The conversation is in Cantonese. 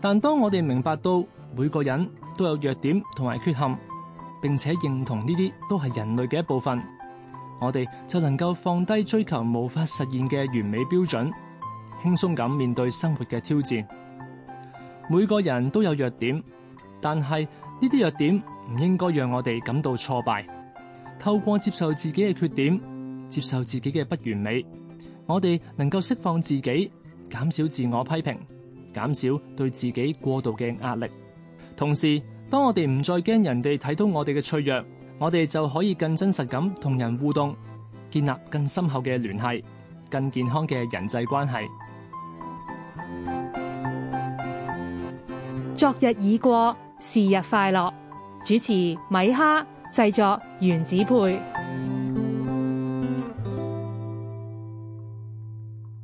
但當我哋明白到每個人都有弱點同埋缺陷，並且認同呢啲都係人類嘅一部分，我哋就能夠放低追求無法實現嘅完美標準，輕鬆咁面對生活嘅挑戰。每個人都有弱點，但係呢啲弱點唔應該讓我哋感到挫敗。透過接受自己嘅缺點，接受自己嘅不完美，我哋能夠釋放自己，減少自我批評。減少對自己過度嘅壓力，同時當我哋唔再驚人哋睇到我哋嘅脆弱，我哋就可以更真實咁同人互動，建立更深厚嘅聯繫，更健康嘅人際關係。昨日已過，是日快樂。主持米哈，製作原子配。